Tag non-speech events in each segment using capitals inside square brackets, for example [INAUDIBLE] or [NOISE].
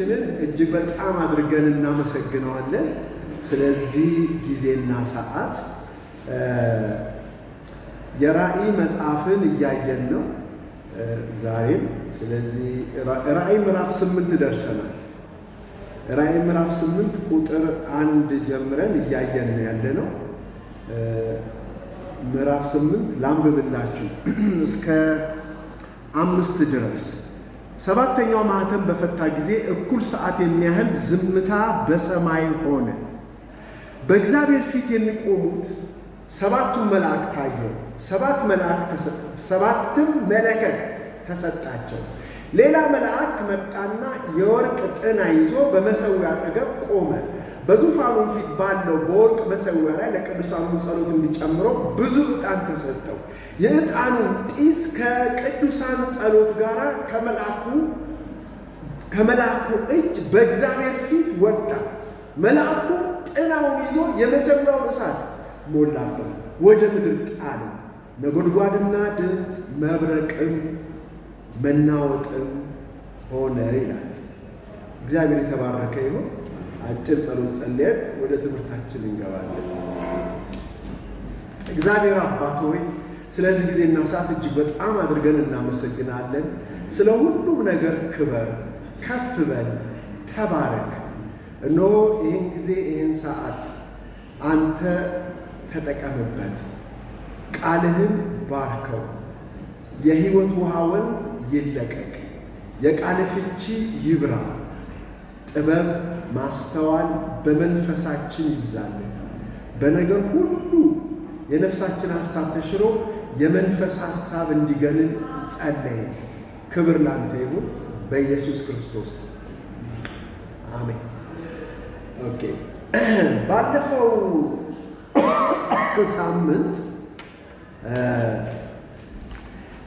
ስልን እጅግ በጣም አድርገን እናመሰግነዋለን። ስለዚህ ጊዜና ሰዓት የራእይ መጽሐፍን እያየን ነው ዛሬም። ስለዚህ ራእይ ምዕራፍ ስምንት ደርሰናል። ራእይ ምዕራፍ ስምንት ቁጥር አንድ ጀምረን እያየን ነው ያለ ነው። ምዕራፍ ስምንት ላንብብላችሁ እስከ አምስት ድረስ ሰባተኛው ማህተም በፈታ ጊዜ እኩል ሰዓት የሚያህል ዝምታ በሰማይ ሆነ። በእግዚአብሔር ፊት የሚቆሙት ሰባቱ መልአክ ታየው። ሰባት መልአክ ሰባትም መለከት ተሰጣቸው። ሌላ መልአክ መጣና የወርቅ ጥና ይዞ በመሠዊያው አጠገብ ቆመ። በዙፋኑም ፊት ባለው በወርቅ መሰዊያ ላይ ለቅዱሳኑ ጸሎት እንዲጨምሮ ብዙ ዕጣን ተሰጠው። የዕጣኑ ጢስ ከቅዱሳን ጸሎት ጋር ከመልአኩ ከመልአኩ እጅ በእግዚአብሔር ፊት ወጣ። መልአኩ ጥላውን ይዞ የመሠዊያውን እሳት ሞላበት፣ ወደ ምድር ጣለ። ነጎድጓድና ድምፅ መብረቅም መናወጥም ሆነ ይላል። እግዚአብሔር የተባረከ ይሁን። አጭር ጸሎት ጸልየን ወደ ትምህርታችን እንገባለን። እግዚአብሔር አባት ሆይ ስለዚህ ጊዜና ሰዓት እጅግ በጣም አድርገን እናመሰግናለን። ስለ ሁሉም ነገር ክበር፣ ከፍ በል፣ ተባረክ። እነሆ ይህን ጊዜ ይህን ሰዓት አንተ ተጠቀምበት፣ ቃልህን ባርከው፣ የህይወት ውሃ ወንዝ ይለቀቅ፣ የቃል ፍቺ ይብራ፣ ጥበብ ማስተዋል በመንፈሳችን ይብዛልን። በነገር ሁሉ የነፍሳችን ሐሳብ ተሽሮ የመንፈስ ሐሳብ እንዲገንን ጸለየ። ክብር ላንተ ይሁን በኢየሱስ ክርስቶስ አሜን። ኦኬ ባለፈው ሳምንት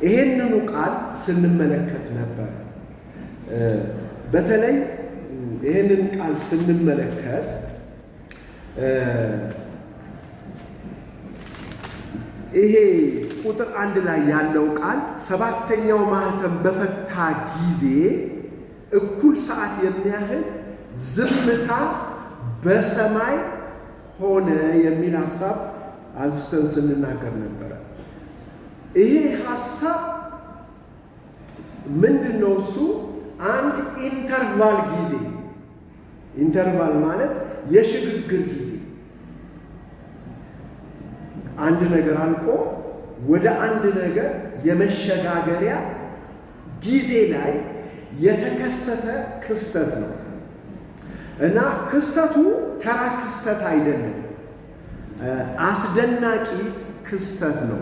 ይሄንኑ ቃል ስንመለከት ነበር። በተለይ ይህንን ቃል ስንመለከት ይሄ ቁጥር አንድ ላይ ያለው ቃል ሰባተኛው ማህተም በፈታ ጊዜ እኩል ሰዓት የሚያህል ዝምታ በሰማይ ሆነ የሚል ሀሳብ አንስተን ስንናገር ነበረ። ይሄ ሀሳብ ምንድን ነው? እሱ አንድ ኢንተርቫል ጊዜ ኢንተርቫል ማለት የሽግግር ጊዜ አንድ ነገር አልቆ ወደ አንድ ነገር የመሸጋገሪያ ጊዜ ላይ የተከሰተ ክስተት ነው እና ክስተቱ ተራ ክስተት አይደለም፣ አስደናቂ ክስተት ነው።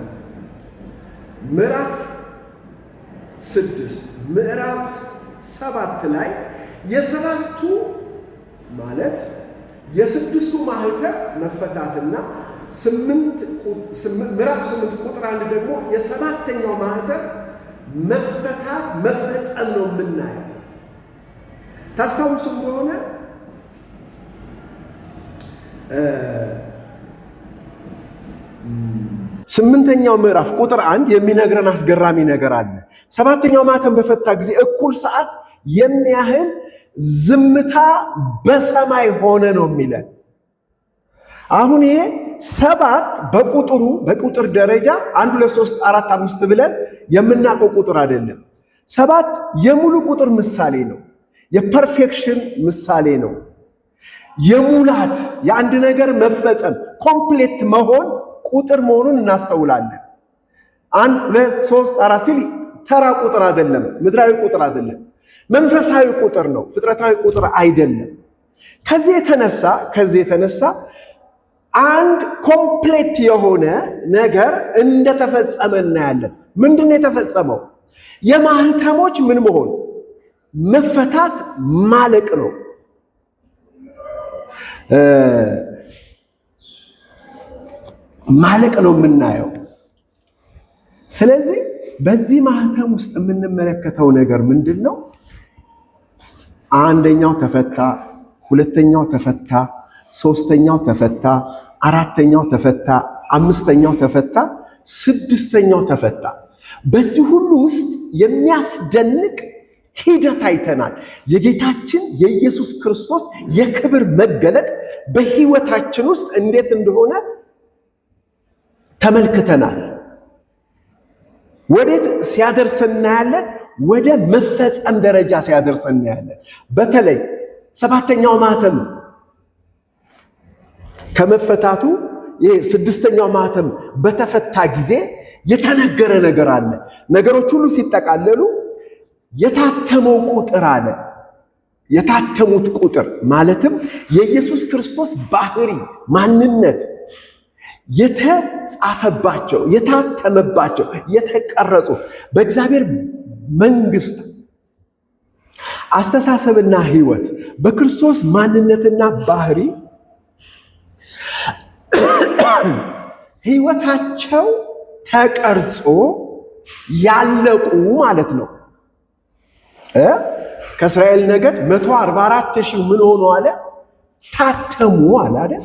ምዕራፍ ስድስት ምዕራፍ ሰባት ላይ የሰባቱ ማለት የስድስቱ ማህተም መፈታትና ምዕራፍ ስምንት ቁጥር አንድ ደግሞ የሰባተኛው ማህተም መፈታት መፈጸም ነው የምናየው። ታስታውሱ እንደሆነ ስምንተኛው ምዕራፍ ቁጥር አንድ የሚነግረን አስገራሚ ነገር አለ። ሰባተኛው ማህተም በፈታ ጊዜ እኩል ሰዓት የሚያህል ዝምታ በሰማይ ሆነ ነው የሚለን። አሁን ይሄ ሰባት በቁጥሩ በቁጥር ደረጃ አንድ ሁለት ሶስት አራት አምስት ብለን የምናውቀው ቁጥር አይደለም። ሰባት የሙሉ ቁጥር ምሳሌ ነው። የፐርፌክሽን ምሳሌ ነው። የሙላት የአንድ ነገር መፈጸም ኮምፕሌት መሆን ቁጥር መሆኑን እናስተውላለን። አንድ ሁለት ሶስት አራት ሲል ተራ ቁጥር አይደለም፣ ምድራዊ ቁጥር አይደለም። መንፈሳዊ ቁጥር ነው፣ ፍጥረታዊ ቁጥር አይደለም። ከዚህ የተነሳ ከዚህ የተነሳ አንድ ኮምፕሌት የሆነ ነገር እንደተፈጸመ እናያለን። ምንድን ነው የተፈጸመው? የማህተሞች ምን መሆን መፈታት ማለቅ ነው። ማለቅ ነው የምናየው። ስለዚህ በዚህ ማህተም ውስጥ የምንመለከተው ነገር ምንድን ነው? አንደኛው ተፈታ፣ ሁለተኛው ተፈታ፣ ሶስተኛው ተፈታ፣ አራተኛው ተፈታ፣ አምስተኛው ተፈታ፣ ስድስተኛው ተፈታ። በዚህ ሁሉ ውስጥ የሚያስደንቅ ሂደት አይተናል። የጌታችን የኢየሱስ ክርስቶስ የክብር መገለጥ በሕይወታችን ውስጥ እንዴት እንደሆነ ተመልክተናል። ወዴት ሲያደርስ እናያለን። ወደ መፈጸም ደረጃ ሲያደርስ እናያለን። በተለይ ሰባተኛው ማህተም ከመፈታቱ ይህ ስድስተኛው ማህተም በተፈታ ጊዜ የተነገረ ነገር አለ። ነገሮች ሁሉ ሲጠቃለሉ የታተመው ቁጥር አለ። የታተሙት ቁጥር ማለትም የኢየሱስ ክርስቶስ ባህሪ ማንነት የተጻፈባቸው የታተመባቸው የተቀረጹ በእግዚአብሔር መንግስት አስተሳሰብና ህይወት በክርስቶስ ማንነትና ባህሪ ህይወታቸው ተቀርጾ ያለቁ ማለት ነው። ከእስራኤል ነገድ መቶ ሺህ ምን ሆኖ አለ ታተሙ አለ አይደል?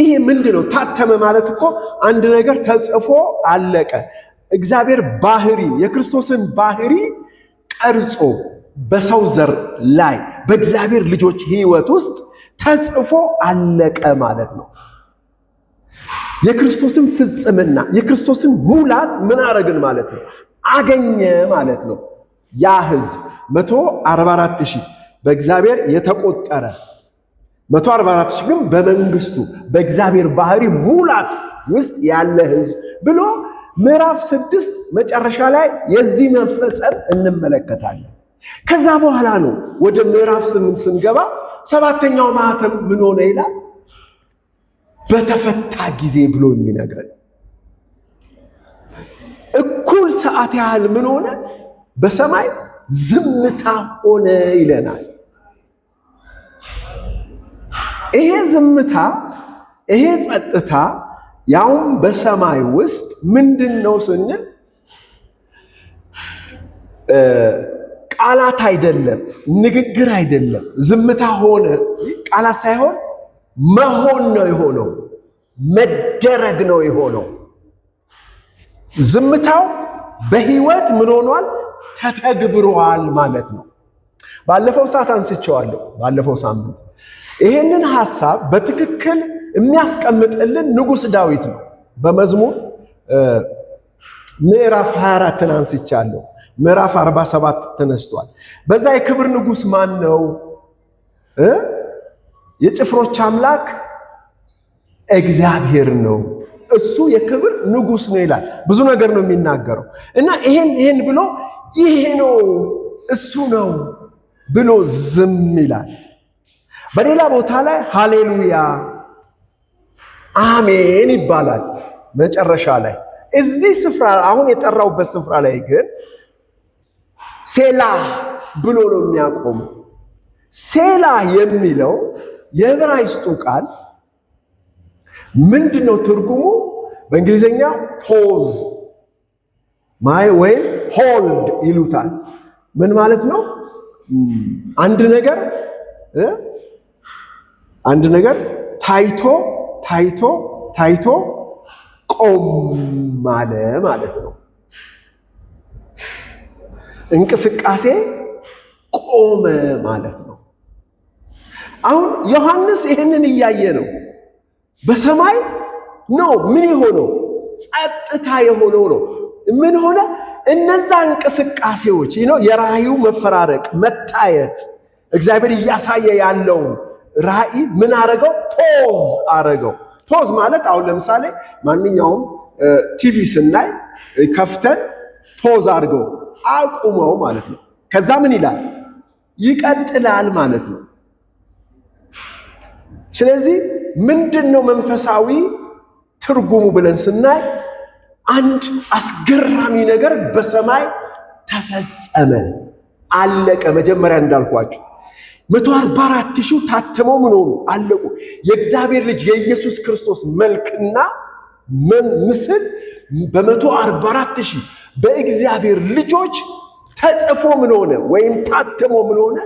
ይሄ ምንድን ነው? ታተመ ማለት እኮ አንድ ነገር ተጽፎ አለቀ። እግዚአብሔር ባህሪ የክርስቶስን ባህሪ ቀርጾ በሰው ዘር ላይ በእግዚአብሔር ልጆች ሕይወት ውስጥ ተጽፎ አለቀ ማለት ነው። የክርስቶስን ፍጽምና የክርስቶስን ሙላት ምን አረግን ማለት ነው? አገኘ ማለት ነው። ያ ሕዝብ 144 ሺህ በእግዚአብሔር የተቆጠረ መቶ አርባ አራት ሺህ ግን በመንግስቱ በእግዚአብሔር ባህሪ ሙላት ውስጥ ያለ ህዝብ ብሎ ምዕራፍ ስድስት መጨረሻ ላይ የዚህ መፈጸም እንመለከታለን። ከዛ በኋላ ነው ወደ ምዕራፍ ስምንት ስንገባ ሰባተኛው ማህተም ምን ሆነ ይላል። በተፈታ ጊዜ ብሎ የሚነግረን እኩል ሰዓት ያህል ምን ሆነ፣ በሰማይ ዝምታ ሆነ ይለናል። ይሄ ዝምታ ይሄ ጸጥታ ያውም በሰማይ ውስጥ ምንድን ነው ስንል ቃላት አይደለም፣ ንግግር አይደለም። ዝምታ ሆነ ቃላት ሳይሆን መሆን ነው የሆነው፣ መደረግ ነው የሆነው። ዝምታው በህይወት ምን ሆኗል? ተተግብሯል ማለት ነው። ባለፈው ሰዓት አንስቼዋለሁ፣ ባለፈው ሳምንት ይህንን ሐሳብ በትክክል የሚያስቀምጥልን ንጉሥ ዳዊት ነው። በመዝሙር ምዕራፍ 24ን አንስቻለሁ። ምዕራፍ 47 ተነስቷል። በዛ የክብር ንጉሥ ማን ነው? የጭፍሮች አምላክ እግዚአብሔር ነው፣ እሱ የክብር ንጉሥ ነው ይላል። ብዙ ነገር ነው የሚናገረው እና ይሄን ይሄን ብሎ ይሄ ነው እሱ ነው ብሎ ዝም ይላል። በሌላ ቦታ ላይ ሃሌሉያ አሜን ይባላል መጨረሻ ላይ። እዚህ ስፍራ አሁን የጠራውበት ስፍራ ላይ ግን ሴላ ብሎ ነው የሚያቆሙ። ሴላ የሚለው የዕብራይስጡ ቃል ምንድን ነው ትርጉሙ? በእንግሊዝኛ ፖዝ ማይ ወይም ሆልድ ይሉታል። ምን ማለት ነው? አንድ ነገር አንድ ነገር ታይቶ ታይቶ ታይቶ ቆም አለ ማለት ነው። እንቅስቃሴ ቆመ ማለት ነው። አሁን ዮሐንስ ይህንን እያየ ነው። በሰማይ ነው ምን የሆነው? ጸጥታ የሆነው ነው። ምን ሆነ? እነዛ እንቅስቃሴዎች ነው የራእዩ መፈራረቅ፣ መታየት፣ እግዚአብሔር እያሳየ ያለው ራእይ ምን አረገው? ፖዝ አረገው። ፖዝ ማለት አሁን ለምሳሌ ማንኛውም ቲቪ ስናይ ከፍተን ፖዝ አድርገው አቁመው ማለት ነው። ከዛ ምን ይላል? ይቀጥላል ማለት ነው። ስለዚህ ምንድን ነው መንፈሳዊ ትርጉሙ ብለን ስናይ አንድ አስገራሚ ነገር በሰማይ ተፈጸመ፣ አለቀ። መጀመሪያ እንዳልኳቸው? መቶ አርባ አራት ታተመው ምን ሆኑ አለቁ። የእግዚአብሔር ልጅ የኢየሱስ ክርስቶስ መልክና ምስል በመቶ አርባ አራት ሺህ በእግዚአብሔር ልጆች ተጽፎ ምን ሆነ ወይም ታተሞ ምን ሆነ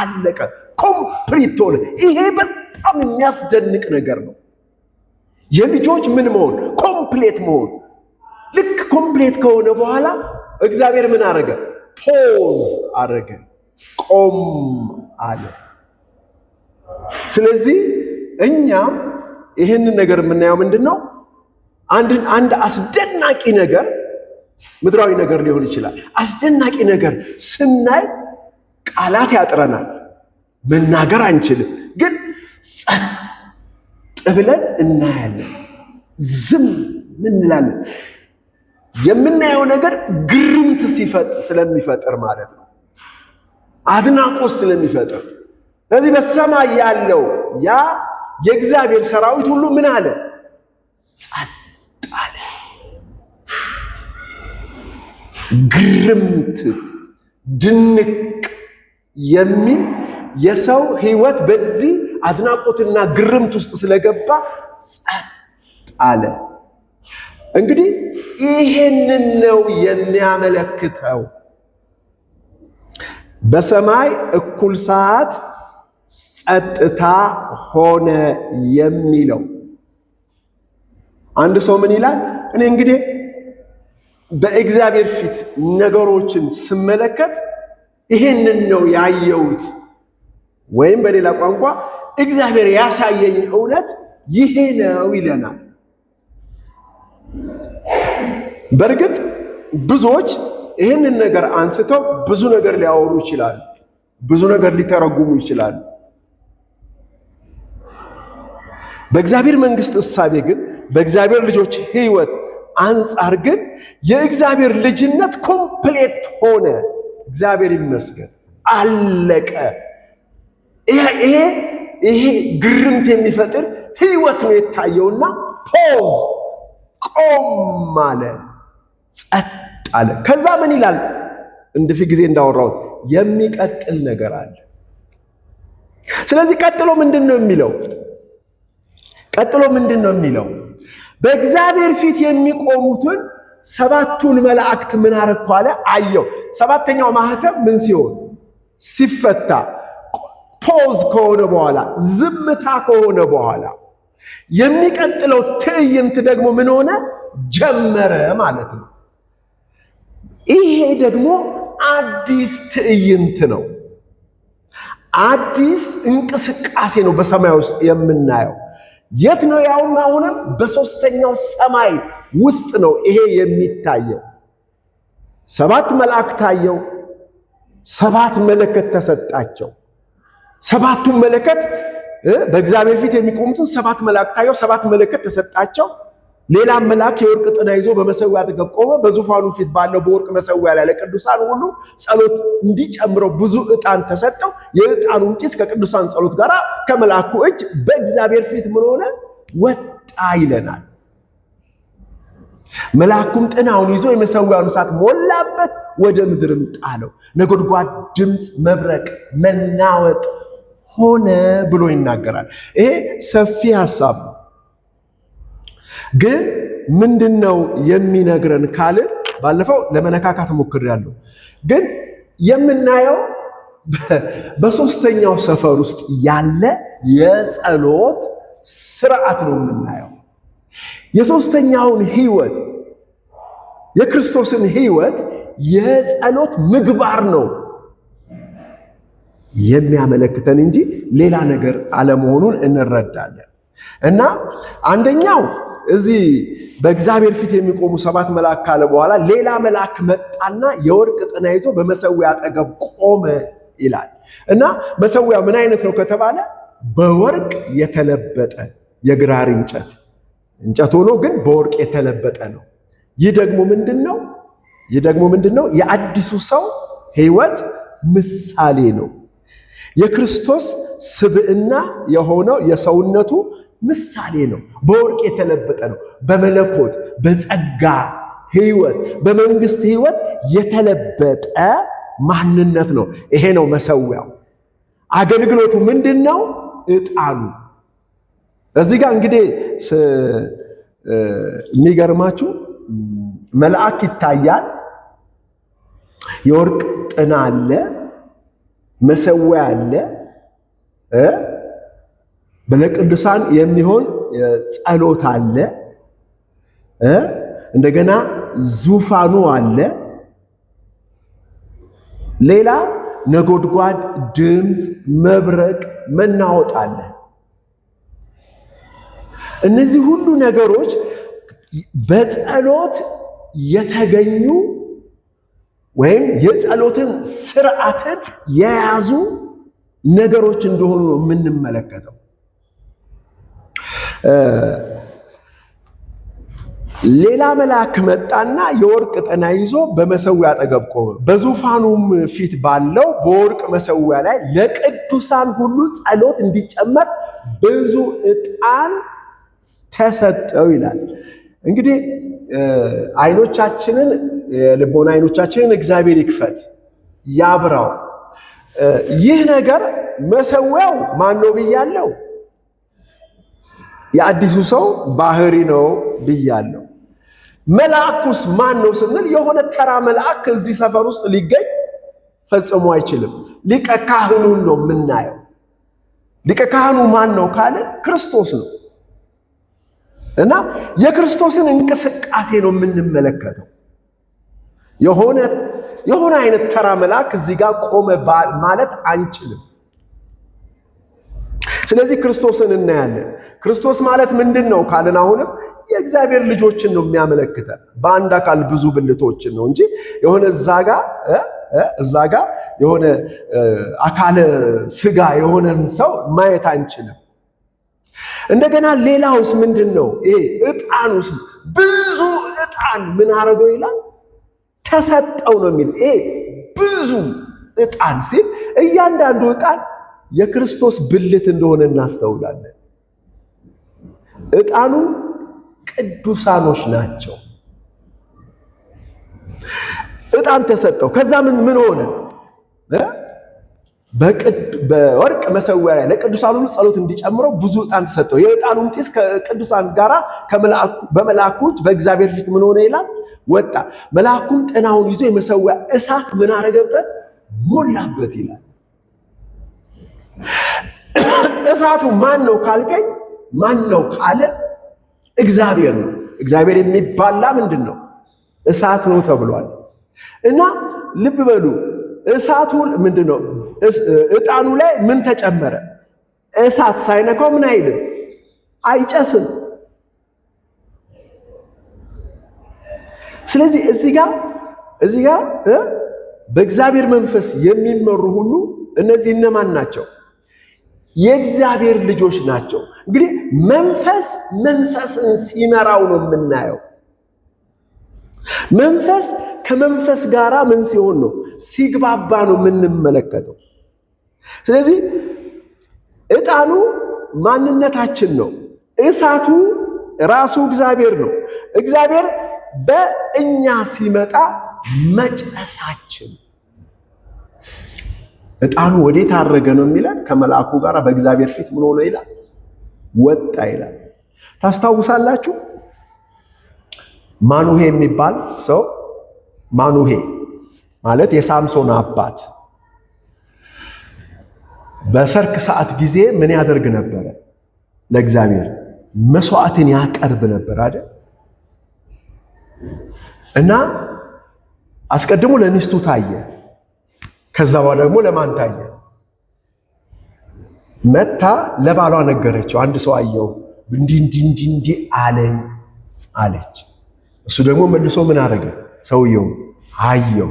አለቀ፣ ኮምፕሊት ሆነ። ይሄ በጣም የሚያስደንቅ ነገር ነው። የልጆች ምን መሆን ኮምፕሌት መሆን። ልክ ኮምፕሌት ከሆነ በኋላ እግዚአብሔር ምን አረገ? ፖዝ አረገ፣ ቆም አለ። ስለዚህ እኛ ይህንን ነገር የምናየው ምንድን ነው? አንድን አንድ አስደናቂ ነገር ምድራዊ ነገር ሊሆን ይችላል። አስደናቂ ነገር ስናይ ቃላት ያጥረናል፣ መናገር አንችልም። ግን ጸጥ ብለን እናያለን፣ ዝም እንላለን። የምናየው ነገር ግርምት ሲፈጥ ስለሚፈጥር ማለት ነው። አድናቆት ስለሚፈጥር ስለዚህ በሰማይ ያለው ያ የእግዚአብሔር ሰራዊት ሁሉ ምን አለ? ጸጥ አለ። ግርምት ድንቅ የሚል የሰው ሕይወት በዚህ አድናቆትና ግርምት ውስጥ ስለገባ ጸጥ አለ። እንግዲህ ይሄንን ነው የሚያመለክተው። በሰማይ እኩል ሰዓት ጸጥታ ሆነ የሚለው አንድ ሰው ምን ይላል? እኔ እንግዲህ በእግዚአብሔር ፊት ነገሮችን ስመለከት ይሄንን ነው ያየሁት፣ ወይም በሌላ ቋንቋ እግዚአብሔር ያሳየኝ እውነት ይሄ ነው ይለናል። በእርግጥ ብዙዎች ይህንን ነገር አንስተው ብዙ ነገር ሊያወሩ ይችላሉ። ብዙ ነገር ሊተረጉሙ ይችላሉ። በእግዚአብሔር መንግስት እሳቤ ግን በእግዚአብሔር ልጆች ህይወት አንጻር ግን የእግዚአብሔር ልጅነት ኮምፕሌት ሆነ። እግዚአብሔር ይመስገን አለቀ። ይሄ ይሄ ግርምት የሚፈጥር ህይወት ነው የታየውና ፖዝ ቆም አለ ጸጥ አለ። ከዛ ምን ይላል? እንድ ጊዜ እንዳወራሁት የሚቀጥል ነገር አለ። ስለዚህ ቀጥሎ ምንድን ነው የሚለው? ቀጥሎ ምንድን ነው የሚለው? በእግዚአብሔር ፊት የሚቆሙትን ሰባቱን መላእክት ምን አረግኩ አለ አየው። ሰባተኛው ማህተም ምን ሲሆን ሲፈታ ፖዝ ከሆነ በኋላ ዝምታ ከሆነ በኋላ የሚቀጥለው ትዕይንት ደግሞ ምን ሆነ ጀመረ ማለት ነው። ይሄ ደግሞ አዲስ ትዕይንት ነው። አዲስ እንቅስቃሴ ነው በሰማይ ውስጥ የምናየው። የት ነው? ያውም አሁንም በሶስተኛው ሰማይ ውስጥ ነው ይሄ የሚታየው። ሰባት መልአክ ታየው፣ ሰባት መለከት ተሰጣቸው። ሰባቱን መለከት በእግዚአብሔር ፊት የሚቆሙትን ሰባት መልአክ ታየው፣ ሰባት መለከት ተሰጣቸው። ሌላ መልአክ የወርቅ ጥና ይዞ በመሰዊያ አጠገብ ቆመ። በዙፋኑ ፊት ባለው በወርቅ መሰዊያ ላይ ለቅዱሳን ሁሉ ጸሎት እንዲጨምረው ብዙ ዕጣን ተሰጠው። የዕጣኑን ጢስ ከቅዱሳን ጸሎት ጋር ከመልአኩ እጅ በእግዚአብሔር ፊት ምን ሆነ ወጣ ይለናል። መልአኩም ጥናውን ይዞ የመሰዊያውን እሳት ሞላበት፣ ወደ ምድርም ጣለው። ነጎድጓድ ድምፅ፣ መብረቅ፣ መናወጥ ሆነ ብሎ ይናገራል። ይሄ ሰፊ ሀሳብ ነው። ግን ምንድን ነው የሚነግረን ካልን ባለፈው ለመነካካት ሞክሬያለሁ። ግን የምናየው በሶስተኛው ሰፈር ውስጥ ያለ የጸሎት ስርዓት ነው የምናየው የሶስተኛውን ህይወት የክርስቶስን ህይወት የጸሎት ምግባር ነው የሚያመለክተን እንጂ ሌላ ነገር አለመሆኑን እንረዳለን እና አንደኛው እዚህ በእግዚአብሔር ፊት የሚቆሙ ሰባት መልአክ ካለ በኋላ ሌላ መልአክ መጣና የወርቅ ጥና ይዞ በመሰዊያ አጠገብ ቆመ ይላል እና መሰዊያ ምን አይነት ነው ከተባለ በወርቅ የተለበጠ የግራር እንጨት እንጨት ሆኖ ግን በወርቅ የተለበጠ ነው። ይህ ደግሞ ምንድን ነው? ይህ ደግሞ ምንድን ነው? የአዲሱ ሰው ሕይወት ምሳሌ ነው። የክርስቶስ ስብዕና የሆነው የሰውነቱ ምሳሌ ነው። በወርቅ የተለበጠ ነው። በመለኮት በጸጋ ህይወት በመንግስት ህይወት የተለበጠ ማንነት ነው። ይሄ ነው መሰዊያው። አገልግሎቱ ምንድን ነው? ዕጣኑ እዚህ ጋር እንግዲህ የሚገርማችሁ መልአክ ይታያል። የወርቅ ጥና አለ፣ መሰዊያ አለ ለቅዱሳን የሚሆን ጸሎት አለ። እንደገና ዙፋኑ አለ። ሌላ ነጎድጓድ ድምፅ፣ መብረቅ፣ መናወጥ አለ። እነዚህ ሁሉ ነገሮች በጸሎት የተገኙ ወይም የጸሎትን ስርዓትን የያዙ ነገሮች እንደሆኑ ነው የምንመለከተው። ሌላ መልአክ መጣና የወርቅ ጥና ይዞ በመሰዊያ አጠገብ ቆመ። በዙፋኑም ፊት ባለው በወርቅ መሰዊያ ላይ ለቅዱሳን ሁሉ ጸሎት እንዲጨመር ብዙ ዕጣን ተሰጠው ይላል። እንግዲህ አይኖቻችንን የልቦን አይኖቻችንን እግዚአብሔር ይክፈት ያብራው። ይህ ነገር መሰዊያው ማን ነው ብያለው? የአዲሱ ሰው ባህሪ ነው ብያለሁ። መልአኩስ ማን ነው ስንል የሆነ ተራ መልአክ እዚህ ሰፈር ውስጥ ሊገኝ ፈጽሞ አይችልም። ሊቀ ካህኑን ነው የምናየው። ሊቀ ካህኑ ማን ነው ካለ ክርስቶስ ነው እና የክርስቶስን እንቅስቃሴ ነው የምንመለከተው። የሆነ የሆነ አይነት ተራ መልአክ እዚህ ጋር ቆመ ማለት አንችልም። ስለዚህ ክርስቶስን እናያለን። ክርስቶስ ማለት ምንድን ነው ካልን አሁንም የእግዚአብሔር ልጆችን ነው የሚያመለክተ? በአንድ አካል ብዙ ብልቶችን ነው እንጂ የሆነ እዛ ጋ እዛ ጋ የሆነ አካለ ስጋ የሆነ ሰው ማየት አንችልም። እንደገና ሌላውስ ምንድን ነው? ይሄ ዕጣኑስ ብዙ እጣን ምን አረገው ይላል ተሰጠው ነው የሚል ይሄ ብዙ እጣን ሲል እያንዳንዱ እጣን? የክርስቶስ ብልት እንደሆነ እናስተውላለን። ዕጣኑ ቅዱሳኖች ናቸው። ዕጣን ተሰጠው። ከዛ ምን ምን ሆነ? በወርቅ መሰዊያ ላይ ለቅዱሳኑ ጸሎት እንዲጨምረው ብዙ ዕጣን ተሰጠው። የዕጣኑም ጢስ ከቅዱሳን ጋር በመላእክት በእግዚአብሔር ፊት ምን ሆነ ይላል ወጣ። መልአኩም ጥናውን ይዞ የመሰዊያ እሳት ምን አረገበት? ሞላበት ይላል። እሳቱ ማን ነው ካልከኝ፣ ማን ነው ካለ እግዚአብሔር ነው። እግዚአብሔር የሚባላ ምንድን ነው? እሳት ነው ተብሏል። እና ልብ በሉ እሳቱ ምንድን ነው? እጣኑ ላይ ምን ተጨመረ? እሳት ሳይነካው ምን አይልም፣ አይጨስም። ስለዚህ እዚህ ጋር እዚህ ጋር በእግዚአብሔር መንፈስ የሚመሩ ሁሉ እነዚህ እነማን ናቸው? የእግዚአብሔር ልጆች ናቸው። እንግዲህ መንፈስ መንፈስን ሲመራው ነው የምናየው። መንፈስ ከመንፈስ ጋር ምን ሲሆን ነው ሲግባባ ነው የምንመለከተው። ስለዚህ ዕጣኑ ማንነታችን ነው። እሳቱ ራሱ እግዚአብሔር ነው። እግዚአብሔር በእኛ ሲመጣ መጨሳችን እጣኑ ወዴት አረገ ነው የሚለን። ከመልአኩ ጋር በእግዚአብሔር ፊት ምን ሆነ ይላል? ወጣ ይላል። ታስታውሳላችሁ? ማኑሄ የሚባል ሰው ማኑሄ ማለት የሳምሶን አባት በሰርክ ሰዓት ጊዜ ምን ያደርግ ነበረ? ለእግዚአብሔር መስዋዕትን ያቀርብ ነበር አይደል? እና አስቀድሞ ለሚስቱ ታየ። ከዛ በኋላ ደግሞ ለማን ታየ? መታ ለባሏ ነገረችው። አንድ ሰው አየው እንዲ እንዲ እንዲ እንዲ አለኝ አለች። እሱ ደግሞ መልሶ ምን አረገ? ሰውየው አየው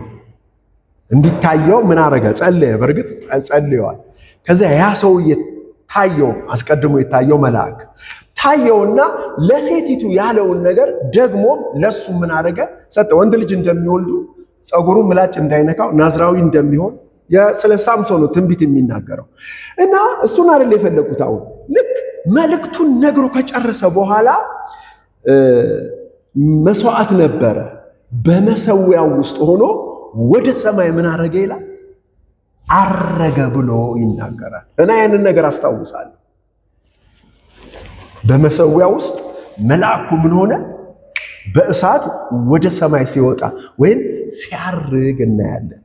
እንዲታየው ምን አረገ? ጸለየ። በእርግጥ ጸልየዋል። ከዚያ ያ ሰውዬ ታየው፣ አስቀድሞ የታየው መልአክ ታየውና ለሴቲቱ ያለውን ነገር ደግሞ ለሱ ምን አረገ? ሰጠ። ወንድ ልጅ እንደሚወልዱ ጸጉሩ ምላጭ እንዳይነካው ናዝራዊ እንደሚሆን ስለ ሳምሶኑ ትንቢት የሚናገረው እና እሱን አይደል የፈለጉት። አሁን ልክ መልእክቱን ነግሮ ከጨረሰ በኋላ መስዋዕት ነበረ። በመሰዊያው ውስጥ ሆኖ ወደ ሰማይ ምን አረገ ይላል አረገ ብሎ ይናገራል። እና ያንን ነገር አስታውሳለሁ። በመሰዊያ ውስጥ መልአኩ ምን ሆነ በእሳት ወደ ሰማይ ሲወጣ ወይም ሲያርግ እናያለን።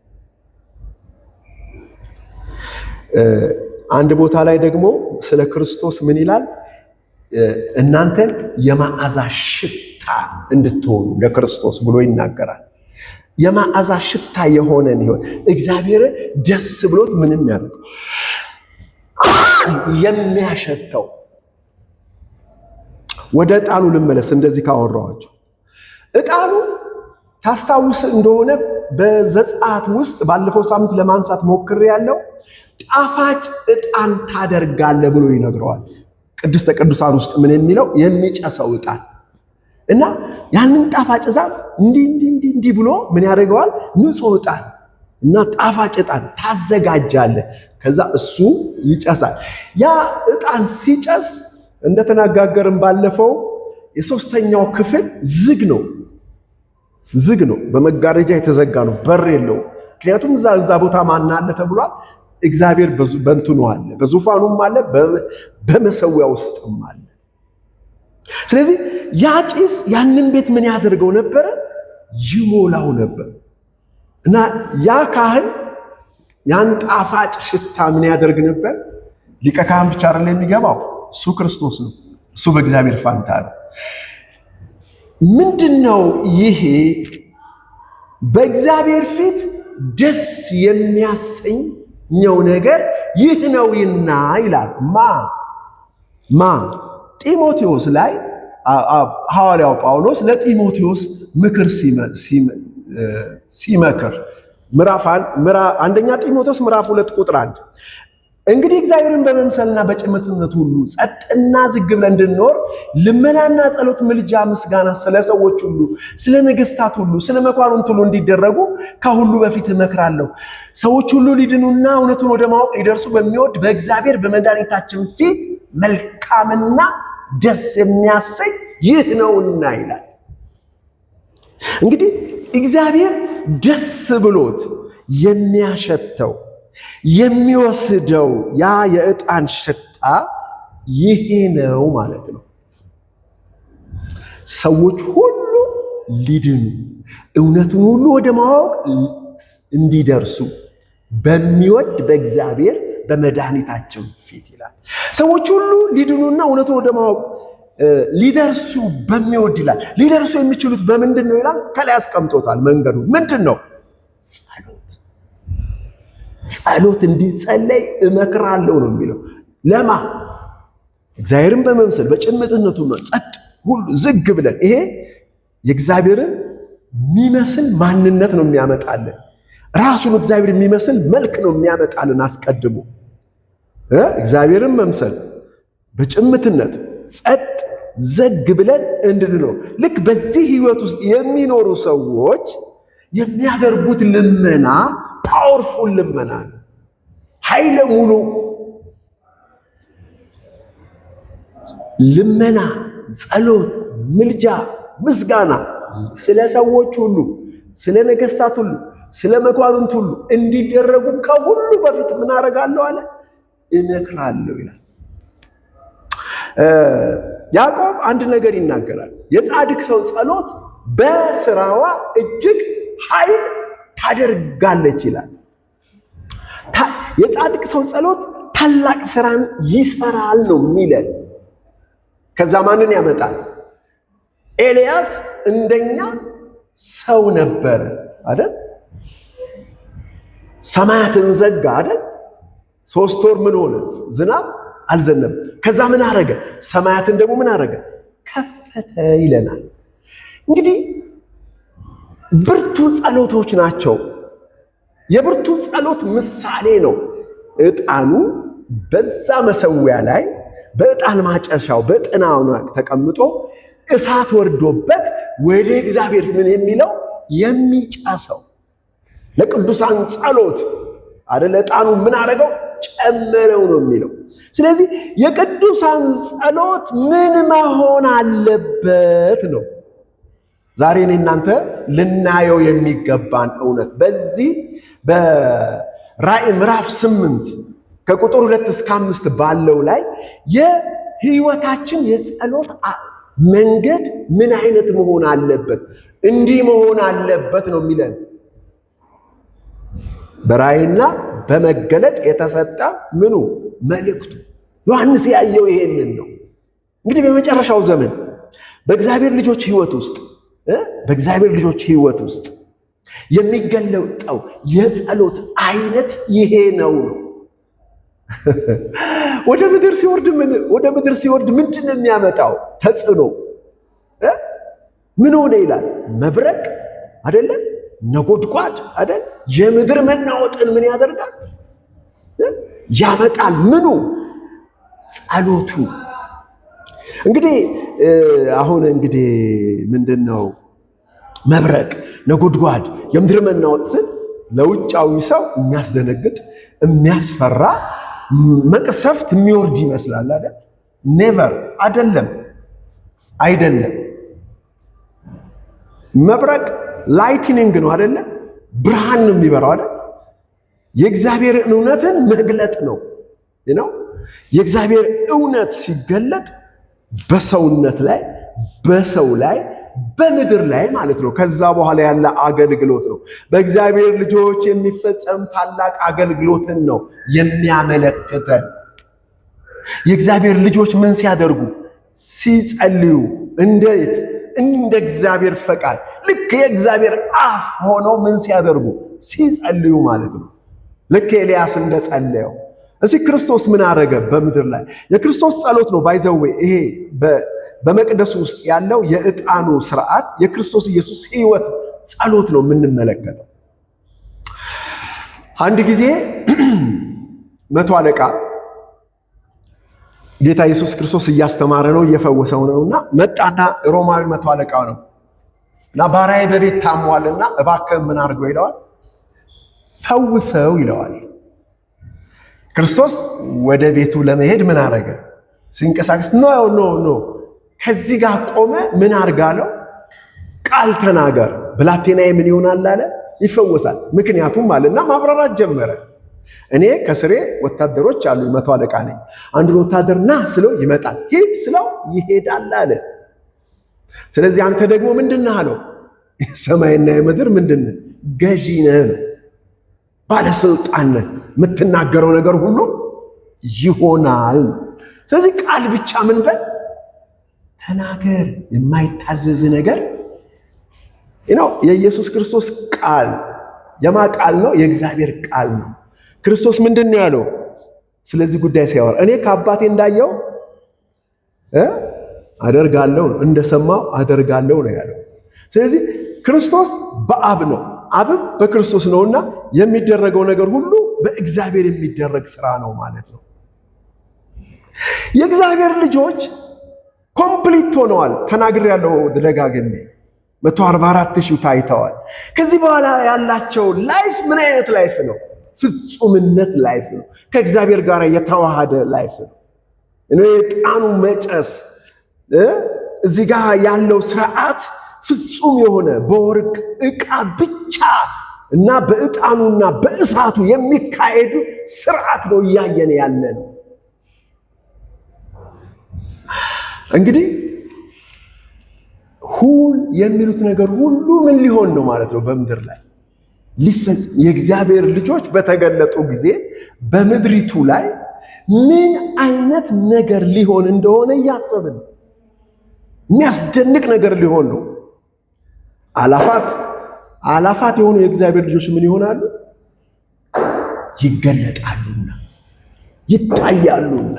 አንድ ቦታ ላይ ደግሞ ስለ ክርስቶስ ምን ይላል? እናንተን የማዕዛ ሽታ እንድትሆኑ ለክርስቶስ ብሎ ይናገራል። የማዕዛ ሽታ የሆነን ሕይወት እግዚአብሔር ደስ ብሎት ምንም ያደርገው የሚያሸተው ወደ ቃሉ ልመለስ እንደዚህ ካወራኋችሁ እጣኑ ታስታውስ እንደሆነ በዘጸአት ውስጥ ባለፈው ሳምንት ለማንሳት ሞክሬ ያለው ጣፋጭ እጣን ታደርጋለህ ብሎ ይነግረዋል። ቅድስተ ቅዱሳን ውስጥ ምን የሚለው የሚጨሰው እጣን እና ያንን ጣፋጭ ዕጣን እንዲህ እንዲህ እንዲህ ብሎ ምን ያደርገዋል? ንጹህ እጣን እና ጣፋጭ እጣን ታዘጋጃለህ። ከዛ እሱ ይጨሳል። ያ እጣን ሲጨስ እንደተነጋገርን ባለፈው የሶስተኛው ክፍል ዝግ ነው። ዝግ ነው፣ በመጋረጃ የተዘጋ ነው፣ በር የለውም። ምክንያቱም እዛ ቦታ ማን አለ ተብሏል? እግዚአብሔር በእንትኑ አለ፣ በዙፋኑም አለ፣ በመሰዊያ ውስጥም አለ። ስለዚህ ያ ጭስ ያንን ቤት ምን ያደርገው ነበረ? ይሞላው ነበር እና ያ ካህን ያን ጣፋጭ ሽታ ምን ያደርግ ነበር? ሊቀ ካህን ብቻ አይደለም የሚገባው፣ እሱ ክርስቶስ ነው። እሱ በእግዚአብሔር ፋንታ ነው። ምንድን ነው ይሄ? በእግዚአብሔር ፊት ደስ የሚያሰኘው ነገር ይህ ነውና ይላል። ማ ማ ጢሞቴዎስ ላይ ሐዋርያው ጳውሎስ ለጢሞቴዎስ ምክር ሲመክር ምዕራፍ አንደኛ ጢሞቴዎስ ምዕራፍ ሁለት ቁጥር አንድ እንግዲህ እግዚአብሔርን በመምሰልና በጭምትነት ሁሉ ጸጥና ዝግ ብለን እንድንኖር ልመናና ጸሎት፣ ምልጃ፣ ምስጋና ስለ ሰዎች ሁሉ፣ ስለ ነገስታት ሁሉ፣ ስለ መኳንንት ሁሉ እንዲደረጉ ከሁሉ በፊት እመክራለሁ። ሰዎች ሁሉ ሊድኑና እውነቱን ወደ ማወቅ ሊደርሱ በሚወድ በእግዚአብሔር በመድኃኒታችን ፊት መልካምና ደስ የሚያሰኝ ይህ ነውና ይላል። እንግዲህ እግዚአብሔር ደስ ብሎት የሚያሸተው የሚወስደው ያ የዕጣን ሽታ ይሄ ነው ማለት ነው። ሰዎች ሁሉ ሊድኑ እውነቱን ሁሉ ወደ ማወቅ እንዲደርሱ በሚወድ በእግዚአብሔር በመድኃኒታቸው ፊት ይላል። ሰዎች ሁሉ ሊድኑና እውነቱን ወደ ማወቅ ሊደርሱ በሚወድ ይላል። ሊደርሱ የሚችሉት በምንድን ነው ይላል። ከላይ አስቀምጦታል። መንገዱ ምንድን ነው? ጸሎት ጸሎት እንዲጸለይ እመክራለሁ ነው የሚለው። ለማ እግዚአብሔርን በመምሰል በጭምትነቱ ጸጥ ሁሉ ዝግ ብለን ይሄ የእግዚአብሔርን የሚመስል ማንነት ነው የሚያመጣልን። ራሱን እግዚአብሔር የሚመስል መልክ ነው የሚያመጣልን። አስቀድሞ እግዚአብሔርን መምሰል በጭምትነት ጸጥ ዘግ ብለን እንድንኖር ልክ በዚህ ህይወት ውስጥ የሚኖሩ ሰዎች የሚያደርጉት ልመና ፓወርፉል ልመና ነው። ኃይለ ሙሉ ልመና፣ ጸሎት፣ ምልጃ፣ ምስጋና ስለ ሰዎች ሁሉ፣ ስለ ነገስታት ሁሉ፣ ስለ መኳንንት ሁሉ እንዲደረጉ ከሁሉ በፊት ምን አደርጋለሁ አለ እመክራለሁ ይላል። ያዕቆብ አንድ ነገር ይናገራል። የጻድቅ ሰው ጸሎት በስራዋ እጅግ ኃይል ታደርጋለች ይላል። የጻድቅ ሰው ጸሎት ታላቅ ስራን ይሰራል ነው የሚለን። ከዛ ማንን ያመጣል? ኤልያስ እንደኛ ሰው ነበረ አይደል? ሰማያትን ዘጋ አይደል? ሶስት ወር ምን ሆነ? ዝናብ አልዘነበ። ከዛ ምን አረገ? ሰማያትን ደግሞ ምን አረገ? ከፈተ ይለናል። እንግዲህ ብርቱ ጸሎቶች ናቸው። የብርቱ ጸሎት ምሳሌ ነው። እጣኑ በዛ መሰዊያ ላይ በእጣን ማጨሻው በጥናው ተቀምጦ እሳት ወርዶበት ወደ እግዚአብሔር ምን የሚለው የሚጨሰው ለቅዱሳን ጸሎት አደለ። ዕጣኑ ምን አደረገው ጨመረው ነው የሚለው። ስለዚህ የቅዱሳን ጸሎት ምን መሆን አለበት ነው ዛሬ እኔ እናንተ ልናየው የሚገባን እውነት በዚህ በራእይ ምዕራፍ ስምንት ከቁጥር ሁለት እስከ አምስት ባለው ላይ የህይወታችን የጸሎት መንገድ ምን አይነት መሆን አለበት? እንዲህ መሆን አለበት ነው የሚለን። በራእይና በመገለጥ የተሰጠ ምኑ መልእክቱ። ዮሐንስ ያየው ይሄንን ነው። እንግዲህ በመጨረሻው ዘመን በእግዚአብሔር ልጆች ህይወት ውስጥ በእግዚአብሔር ልጆች ህይወት ውስጥ የሚገለጠው የጸሎት አይነት ይሄ ነው ነው [LAUGHS] ወደ ምድር ሲወርድ ምን ወደ ምድር ሲወርድ ምንድን የሚያመጣው ተጽዕኖ ምን ሆነ ይላል መብረቅ አይደለም ነጎድጓድ አይደል የምድር መናወጥን ምን ያደርጋል ያመጣል ምኑ ጸሎቱ እንግዲህ አሁን እንግዲህ ምንድን ነው መብረቅ፣ ነጎድጓድ፣ የምድር መናወጥ ስን ለውጫዊ ሰው የሚያስደነግጥ የሚያስፈራ መቅሰፍት የሚወርድ ይመስላል አይደል? ኔቨር አይደለም፣ አይደለም። መብረቅ ላይትኒንግ ነው አይደለ? ብርሃን ነው የሚበራው አይደል? የእግዚአብሔር እውነትን መግለጥ ነው ነው የእግዚአብሔር እውነት ሲገለጥ በሰውነት ላይ በሰው ላይ በምድር ላይ ማለት ነው። ከዛ በኋላ ያለ አገልግሎት ነው። በእግዚአብሔር ልጆች የሚፈጸም ታላቅ አገልግሎትን ነው የሚያመለክተን። የእግዚአብሔር ልጆች ምን ሲያደርጉ? ሲጸልዩ። እንዴት? እንደ እግዚአብሔር ፈቃድ፣ ልክ የእግዚአብሔር አፍ ሆነው ምን ሲያደርጉ? ሲጸልዩ ማለት ነው። ልክ ኤልያስ እንደጸለየው እዚህ ክርስቶስ ምን አደረገ በምድር ላይ? የክርስቶስ ጸሎት ነው ባይዘዌ። ይሄ በመቅደሱ ውስጥ ያለው የእጣኑ ስርዓት የክርስቶስ ኢየሱስ ህይወት ጸሎት ነው የምንመለከተው። አንድ ጊዜ [CLEARS THROAT] መቶ አለቃ ጌታ ኢየሱስ ክርስቶስ እያስተማረ ነው እየፈወሰው ነውና መጣና ሮማዊ መቶ አለቃ ነው እና ባሪያዬ በቤት ታሟልና እባክህ ምን አድርገው ይለዋል፣ ፈውሰው ይለዋል። ክርስቶስ ወደ ቤቱ ለመሄድ ምን አረገ? ሲንቀሳቀስ ኖ ኖ ኖ ከዚህ ጋር ቆመ። ምን አርጋለው? ቃል ተናገር ብላቴናዬ ምን ይሆናል አለ፣ ይፈወሳል። ምክንያቱም አለና ማብራራት ጀመረ። እኔ ከስሬ ወታደሮች አሉ፣ መቶ አለቃ ነኝ። አንዱን ወታደር ና ስለው ይመጣል፣ ሂድ ስለው ይሄዳል አለ። ስለዚህ አንተ ደግሞ ምንድን አለው? የሰማይና የምድር ምንድን ገዢ ነህ ባለስልጣን ነህ የምትናገረው ነገር ሁሉ ይሆናል። ስለዚህ ቃል ብቻ ምን በል ተናገር። የማይታዘዝ ነገር ነው። የኢየሱስ ክርስቶስ ቃል የማ ቃል ነው? የእግዚአብሔር ቃል ነው። ክርስቶስ ምንድን ነው ያለው ስለዚህ ጉዳይ ሲያወራ? እኔ ከአባቴ እንዳየው አደርጋለሁ፣ እንደሰማው አደርጋለሁ ነው ያለው። ስለዚህ ክርስቶስ በአብ ነው፣ አብም በክርስቶስ ነውና የሚደረገው ነገር ሁሉ በእግዚአብሔር የሚደረግ ስራ ነው ማለት ነው። የእግዚአብሔር ልጆች ኮምፕሊት ሆነዋል። ተናግር ያለው ደጋግሜ 144 ሺህ ታይተዋል። ከዚህ በኋላ ያላቸው ላይፍ ምን አይነት ላይፍ ነው? ፍጹምነት ላይፍ ነው። ከእግዚአብሔር ጋር የተዋሃደ ላይፍ ነው። እኔ የጣኑ መጨስ እዚህ ጋር ያለው ስርዓት ፍጹም የሆነ በወርቅ ዕቃ ብቻ እና በእጣኑና በእሳቱ የሚካሄዱ ስርዓት ነው እያየን ያለ ነው። እንግዲህ ሁል የሚሉት ነገር ሁሉ ምን ሊሆን ነው ማለት ነው? በምድር ላይ ሊፈጽም የእግዚአብሔር ልጆች በተገለጡ ጊዜ በምድሪቱ ላይ ምን አይነት ነገር ሊሆን እንደሆነ እያሰብን የሚያስደንቅ ነገር ሊሆን ነው። አላፋት አላፋት የሆኑ የእግዚአብሔር ልጆች ምን ይሆናሉ? ይገለጣሉና ይታያሉና።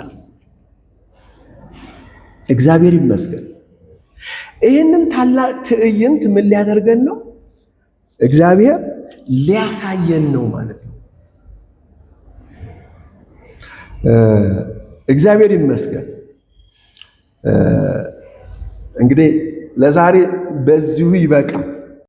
እግዚአብሔር ይመስገን። ይህንን ታላቅ ትዕይንት ምን ሊያደርገን ነው? እግዚአብሔር ሊያሳየን ነው ማለት ነው። እግዚአብሔር ይመስገን። እንግዲህ ለዛሬ በዚሁ ይበቃል።